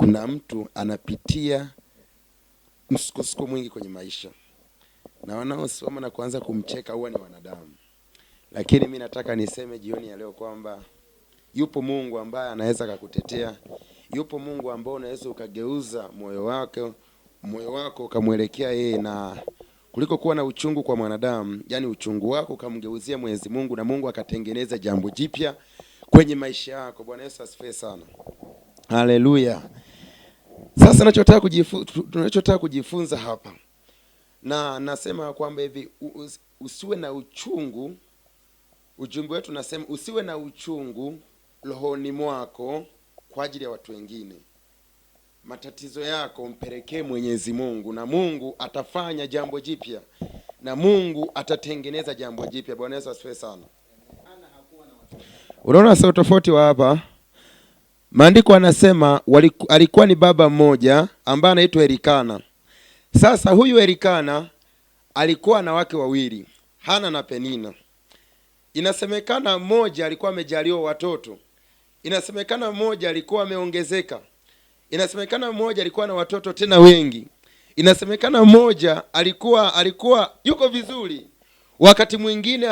kuna mtu anapitia msukosuko mwingi kwenye maisha, na wanaosoma na kuanza kumcheka huwa ni wanadamu. Lakini mi nataka niseme jioni ya leo kwamba yupo Mungu ambaye anaweza akakutetea, yupo Mungu ambaye unaweza ukageuza moyo wako moyo wako ukamwelekea yeye, na kuliko kuwa na uchungu kwa mwanadamu, yani uchungu wako ukamgeuzia Mwenyezi Mungu na Mungu akatengeneza jambo jipya kwenye maisha yako. Bwana Yesu asifiwe sana, haleluya. Sasa tunachotaka kujifunza, tunachotaka kujifunza hapa na nasema kwamba hivi usiwe na uchungu. Ujumbe wetu nasema usiwe na uchungu rohoni mwako kwa ajili ya watu wengine. Matatizo yako mpelekee Mwenyezi Mungu, na Mungu atafanya jambo jipya, na Mungu atatengeneza jambo jipya. Bwana Yesu asifiwe sana. Unaona sasa tofauti wa hapa Maandiko anasema waliku, alikuwa ni baba mmoja ambaye anaitwa Elikana. Sasa huyu Elikana alikuwa na wake wawili, Hana na Penina. Inasemekana mmoja alikuwa amejaliwa watoto, inasemekana mmoja alikuwa ameongezeka, inasemekana mmoja alikuwa na watoto tena wengi, inasemekana mmoja alikuwa alikuwa yuko vizuri, wakati mwingine